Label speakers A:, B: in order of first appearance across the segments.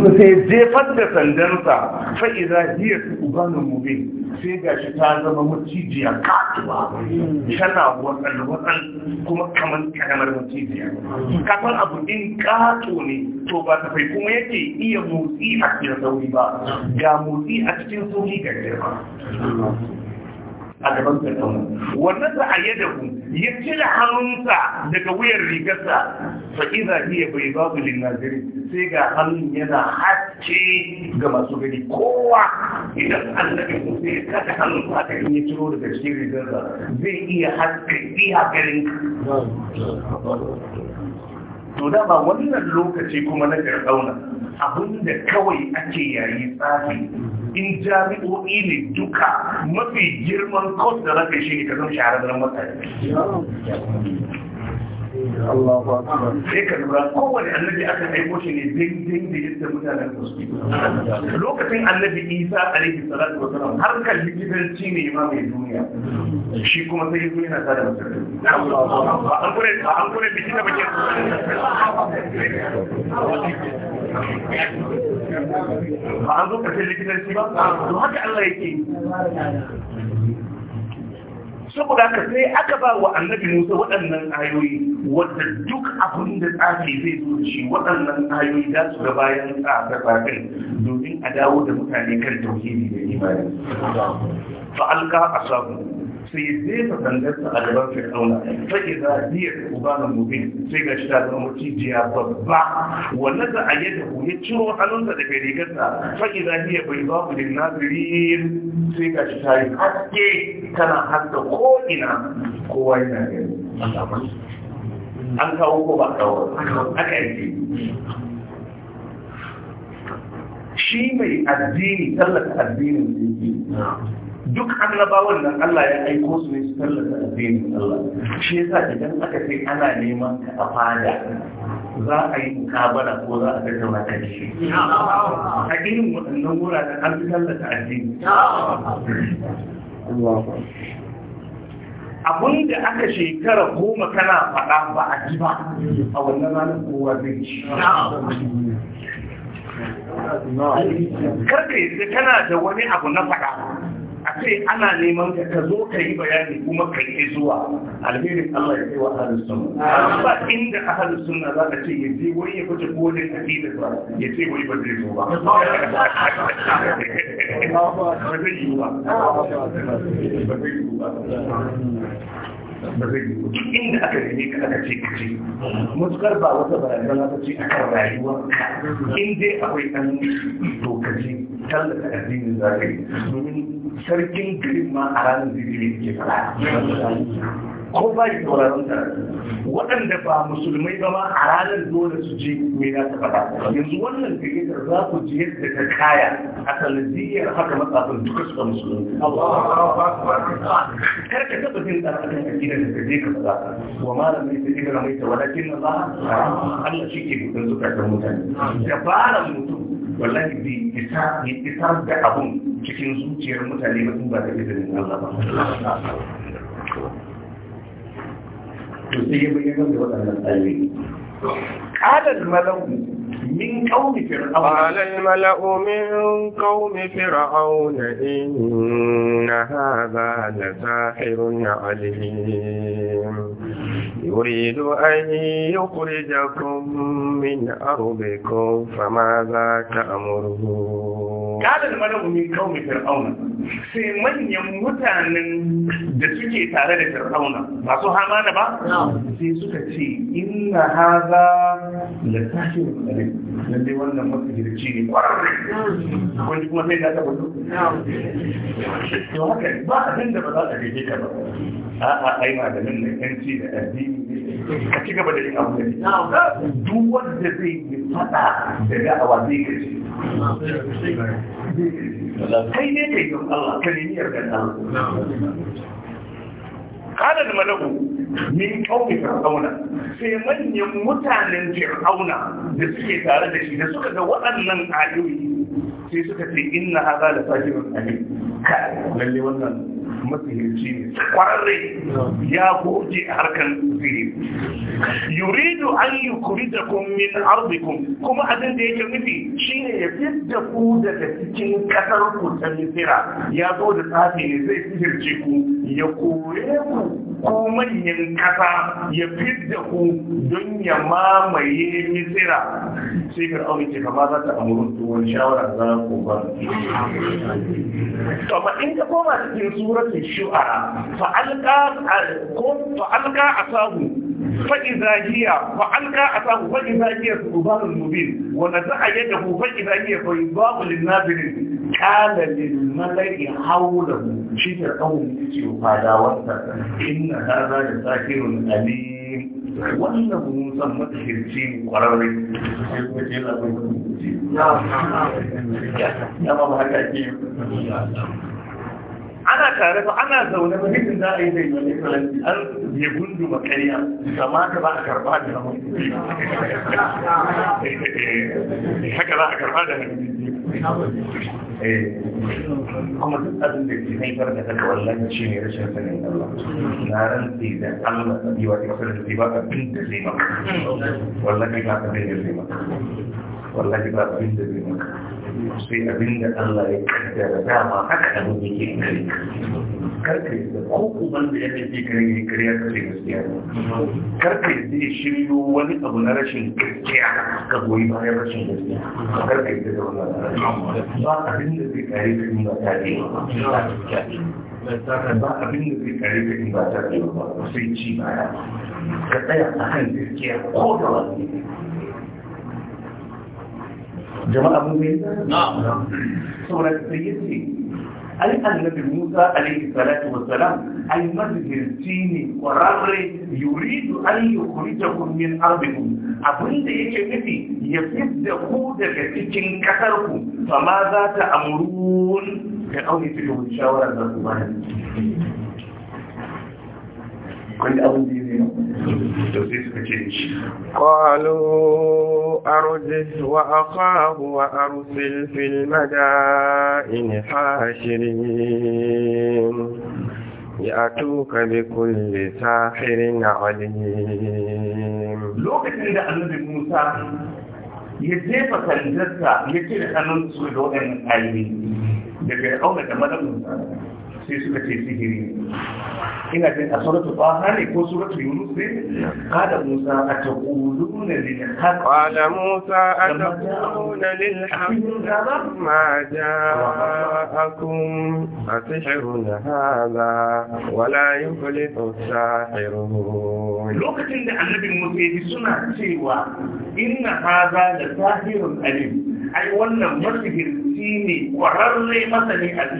A: Musa sai jefar da sandansa fa'iza hiya su ubanin mube sai ga shi ta zama macijiya katuwa shana watsan kuma kamar karamar macijiya kafin abu in kato ne to ba ta fai kuma yake iya motsi a cikin sauri ba ga motsi a cikin sauri ga girma a gaban fir'auna wannan sa ku ya cire hannunsa daga wuyar rigarsa fa idza bai babu lin naziri sai ga hannun yana hacce ga masu gari, kowa idan annabi sai ya kada hannun sa ka yi. ya ciro daga cikin rigarsa zai iya hacce iya garin to da ba wannan lokaci kuma na karɗauna abinda kawai ake yayi tsafi in jami'o'i ne duka mafi girman kos da zaka shi ne ka zama shahararren mutane sai ka lura kowane annabi aka aiko shi ne daidai da yadda mutanen su su lokacin annabi isa alaihi salatu wa salam har kan likitanci ne ma mai duniya shi kuma sai yanzu yana sada masarai ba an kure ba an kure biki da bakin ba a zo ƙarshen likitanci ba Ba haka Allah yake saboda haka sai aka ba wa annabi Musa waɗannan ayoyi wadda duk abin da tsafi zai zo da shi waɗannan ayoyi za su ga bayan a tsafen domin a dawo da mutane kan tauhidi da imani fa alka asabu sai zai jefa sandarsa a gaban fir'auna sai za a iya ta ubana mubin sai ga shi ta zama macijiya babba wannan za a yadda ku ya ciro hannunsa daga rigarsa sai za iya bai ba ku din nazirin sai ga shi ta yi haske tana haska ko'ina kowa yana gani an kawo ko ba kawo aka yi shi mai addini tallata addinin da yake duk annabawan nan Allah ya aiko su ne su tallata addinin Allah shi yasa idan aka ce ana neman ka a fada za a yi mukabara ko za a tattauna ta shi a irin waɗannan wuraren an fi tallata addini abun da aka shekara goma kana faɗa ba a ji ba a wannan ranar kowa zai ci karka yi kana da wani abu na faɗa a ce ana neman ka ka zo ka yi bayani kuma ka yi zuwa alherin Allah ya kai wa ahalus sunna ba inda ahalus sunna za ka ce ya je wai ya fice kodin aqida ba ya ce wai ba zai zo ba ba zai yi ba ba zai yi ba ba zai yi duk inda aka rene ka aka ce kace mutukar ba wata barazana ta ce akan rayuwa in dai akwai ɗan to kace tallata addinin za ka yi domin sarkin garin ma a ranar da ke fara ko ba shi sauraron ta waɗanda ba musulmai ba ma a ranar dole su ji me na ta faɗa yanzu wannan da za ku ji yadda ta kaya a sanadiyyar haka matsafin duka suka musulmi kar ka taɓa jin ɗan adam a gidan da je ka faɗa wa ne ta gidan mai ta walakin na ba Allah shi ke dukkan zukatan mutane dabaran mutum wallahi bi isa da abun cikin zuciyar mutane ba ba ta izinin Allah ba to sai bayyana da waɗannan ayoyi Ƙadar al من قوم فرعون قال
B: الملأ من قوم فرعون إن هذا لساحر عليم يريد أن يخرجكم من أرضكم فماذا تأمره قال
A: الملأ من قوم فرعون sai manyan mutanen da suke tare da fir'auna masu da ba sai suka ce inna haza la sahir Nan lalle wannan makirci ne kwararre wani kuma sai da ta gudu to haka ba abin da ba za a gaje ka ba a'a ai da nan yanci da addini ka ci gaba da yin abu da duk wanda zai yi fada da da'awa zai gaje kai ne ke don Allah ka nemi yardan Allah da malaku min kaumi fir'auna sai manyan mutanen fir'auna da suke tare da shi da suka ga waɗannan ayoyi sai suka ce inna hadha la fajirun alim kai lalle wannan masihirci ne ya goge harkar sihiri yuridu an yi kuri da min arzikun kuma abin da yake nufi shine ya fidda ku daga cikin kasar ku ta misira ya zo da tsafi ne zai sihirce ku ya kore ku ko manyan kasa ya fidda ku don ya mamaye misira sai aure ce kama za ta amurtu wani shawara za ku ba to amma in ka koma cikin suratul shu'ara fa a ko fa alqa asahu fa idza hiya fa alqa asahu fa idza ku subhanul mubin wa nada'a yadahu fa idza fa yudahu lin-nabirin قال للملك حوله شيخ قوم يجي وفاداوتا إن هذا لساكر أليم وإنه موسى مدهرتي مقرر يا بابا هكا أنا كارب أنا زوجة مهتم داعي زي ما نقول أن يبند مكانيا سما كبا كربا جنام Eh. kuma duk abin da ke haifar da haka wallahi shi ne rashin sanin Allah na rantsi da Allah ta biwa ta kasar da ba abin da zai maka wallahi ba abin da zai maka wallahi ba abin da zai ba sai abin da Allah ya kaddara dama haka abin yake kai करके खूब उमंद एनर्जी करेंगे क्रिया करेंगे करके यदि श्री युवन अब नरसिंह क्या कब वही भाई रसिंग करके इतने जो अरविंद की पहली फिल्म बता दी अरविंद की पहली फिल्म बता दी उसे इच्छी आया कहते हैं अहम किया खो जवा दी जमा अब मिलता है ना सो रहे प्रिय Singh ai annabi musa alaihi salatu wassalam ai mazhirci ne kwararre yuridu an yukhrijakum min ardikum abinda yake nufi ya fidda ku daga cikin ƙasar ku fa ma za ta amurun da kauni cikin shawara da ku bayan wani abin da yi da sai suka ce shi
B: ƙwalo arzi wa akwahu wa arzil fil maga in hashirin ya tuka bi kulle a na alim
A: lokacin da annabin musa ya jefa kalizarsa ya ce da kanun su da daga ya ƙaunar da madan musa sai suka ce sihiri ina jin a suratu taha ne ko suratu yunus ne kada musa a taquluna lil haqq qala
B: musa a taquluna lil haqq ma ja'akum asihrun hadha wala yuflihu sahirun
A: lokacin da annabi musa suna cewa inna hadha la sahirun alim ai wannan masihirci ne kwararre masani a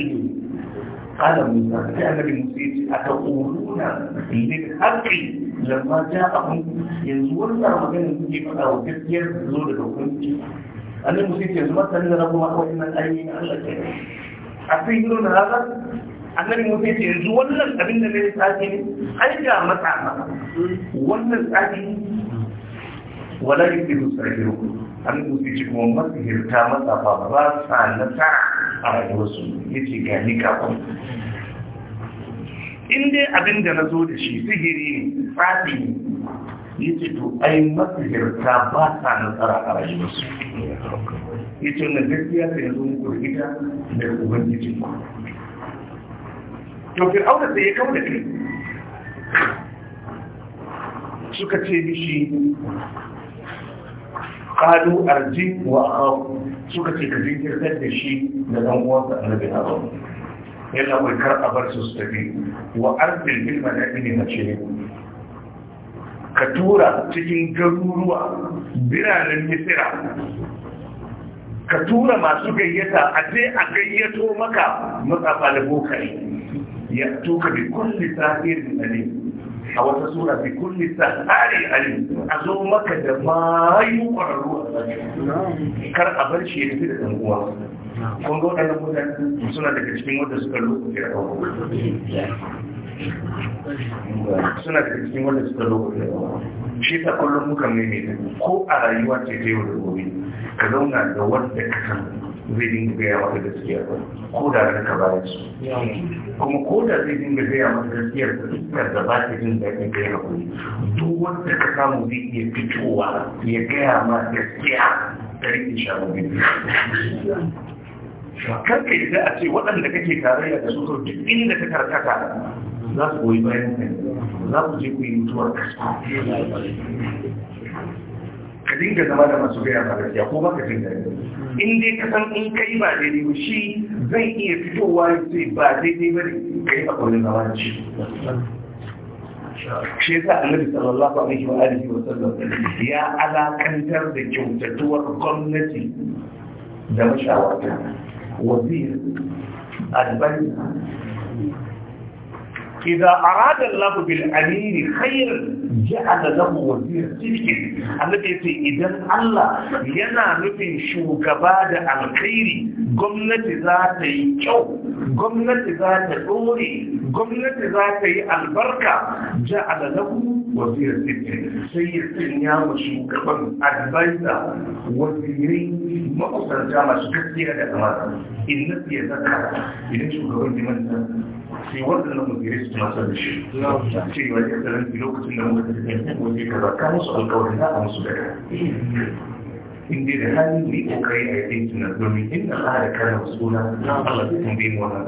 A: قال موسى كان بمسيس أتقولون للحق لما جاءهم يزور الله مكان كيف أو كثير زود الحكم أن المسيس يزور تنزل ربما هو إن الأيين على كثير أفيدون هذا annabi musa ya ce yanzu wannan abin da zai sake ne ai ga matsa wannan tsaki wala yake musahiru an gusi ci kuma masahirta matsafa ba sa nasara a rayuwarsu ya ce ga ni kafin in dai abin da na zo da shi sihiri ne tsafi ne ya ce to ai masahirta ba sa nasara a rayuwarsu ya ce na gaskiya sai yanzu mu muku da ita da ubangijin ku to fir'auna sai ya kawo da kai suka ce mishi Kalu, arji wa akhahu suka ce ka jinkirtar da shi da dan uwansa annabi Adam yana kai kar a bar su tafi wa arzil bil malaikati na ce ka tura cikin garuruwa biranen misira ka tura masu gayyata a je a gayyato maka matsafa da bokari. ya tuka bi kulli sahirin alim a wata sura bi kulli sahari alim a zo maka da mayu kwararru a tsari kar a bar shi ya fi da ɗan uwa kun ga waɗannan mutane suna daga cikin wanda suka lokaci a kawo suna daga cikin wanda suka lokaci a kawo shi ta kullum muka maimaita ko a rayuwa ce ta yau da gobe ka zauna da wanda ka san zai gaya maka gaskiyar ko da zai ka bayan su kuma ko da zai dinga gaya maka gaskiyar ka dukkan da ba ta jin daɗin kai hakuri duk wanda ka samu zai iya fitowa ya gaya ma gaskiya ta rikin shafi kanka yi za a ce waɗanda kake tarayya da su duk inda ka karkata za su goyi bayan kai za ku je ku yi mutuwar kasa ka dinga zama da masu gaya ma gaskiya ko ba ka jin daɗi in dai ka in kai ba daidai ba shi zai iya fitowa sai ba daidai ba ne kai a kwanin zama da shi shi yasa annabi sallallahu alaihi wa alihi wa sallam ya alakantar da kyautatuwar gwamnati da mashawarta wazir albani إذا أراد الله بالأمير خيرا ja'ala lahu wazir sidqin annabi yace idan Allah yana nufin shugaba da alkhairi gwamnati za ta yi kyau gwamnati za ta dore gwamnati za ta yi albarka ja'ala lahu wazir sidqin sai ya sanya wa shugaban advisor wazirai makusanta masu gaskiya da kamata in nasi ya zaka idan shugaban ya manta sai waɗannan mutane su masu da shi ce ya tsaron lokacin da muka tafi kan waje ka zaka musu alkawarin na musu daga inda da hali ne ko kai a yi tunan domin inda za a kare wasu na Allah ta tambayi mu wannan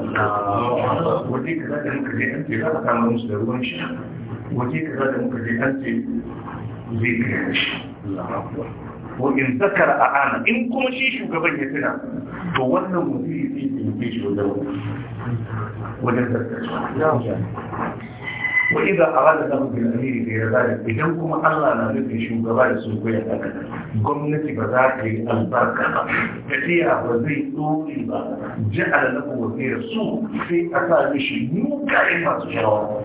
A: waje ka za da muka je an ce za a samu musu da ruwan shi waje ka za da muka je an ce zai kare shi Ko in zakara a ana in kuma shi shugaban ya tuna to wannan mutum waiza a rada zama bin da ya zara idan kuma allah na nufin shugaba da sun koya daga gwamnati ba za ta yi albarka ba tafiya ba zai tsori ba ji'ala na kowace su sai a sa mishi nukayen masu shawara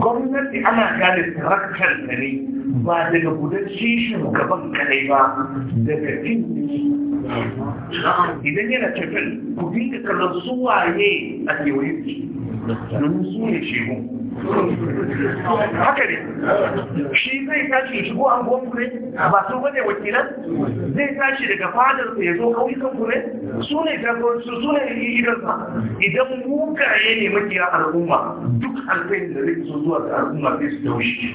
A: gwamnati ana gane taraktar da ne ba daga gudan shi shugaban kadai ba daga cin idan yana tafi ku da kallon su waye a kewayen ki domin su ne haka ne shi zai tashi ya shigo an gwamnu ne ba su wane wakilan zai tashi daga fadar ya zo kauyukan ku ne su ne jagoransu su ne gidansa idan mugaye ne makiya al'umma duk alfayin da zai zo zuwa ga al'umma zai su taushe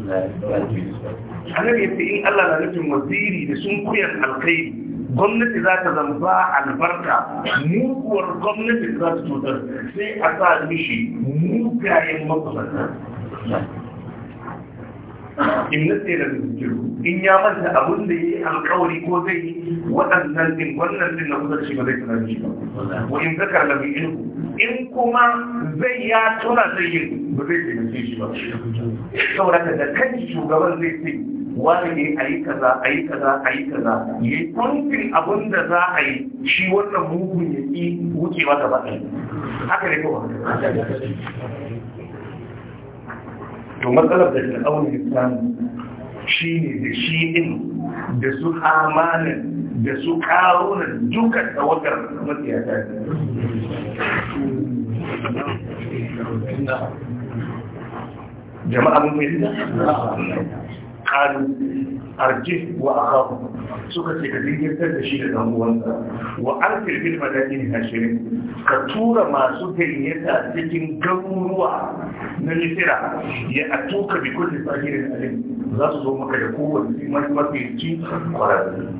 A: annabi yace in Allah na nufin waziri da sunkuyan alkhairi gwamnati za ta zama ba albarka muguwar gwamnati za ta cutar sai a sa mishi mugayen makusanta in nutse da jiru in ya manta abin da ya yi alkawari ko zai yi waɗannan din wannan din na kusa shi ba zai tuna shi ba in zaka da ilmu in kuma zai ya tuna zai yi ba zai taimake shi ba saboda da kan shugaban zai ce wani ne a yi kaza a yi kaza a yi kaza ya yi kwanfin abin da za a yi shi wannan mugun ya ƙi wucewa gaba ɗaya haka ne kuma to matsalar da fir'aun ya samu shi ne da shi ɗin, da su amanin da su karunan duka tawagar matiyata jama'a mun fahimta kanu arji wa suka ce ka jirgin da shi da damuwansa wa an firfin madadin hashirin ka tura masu gayyata cikin garuruwa na nisira ya a tuka bi kudi tsakirin alim za su zo maka da kowace mafi cin kwararru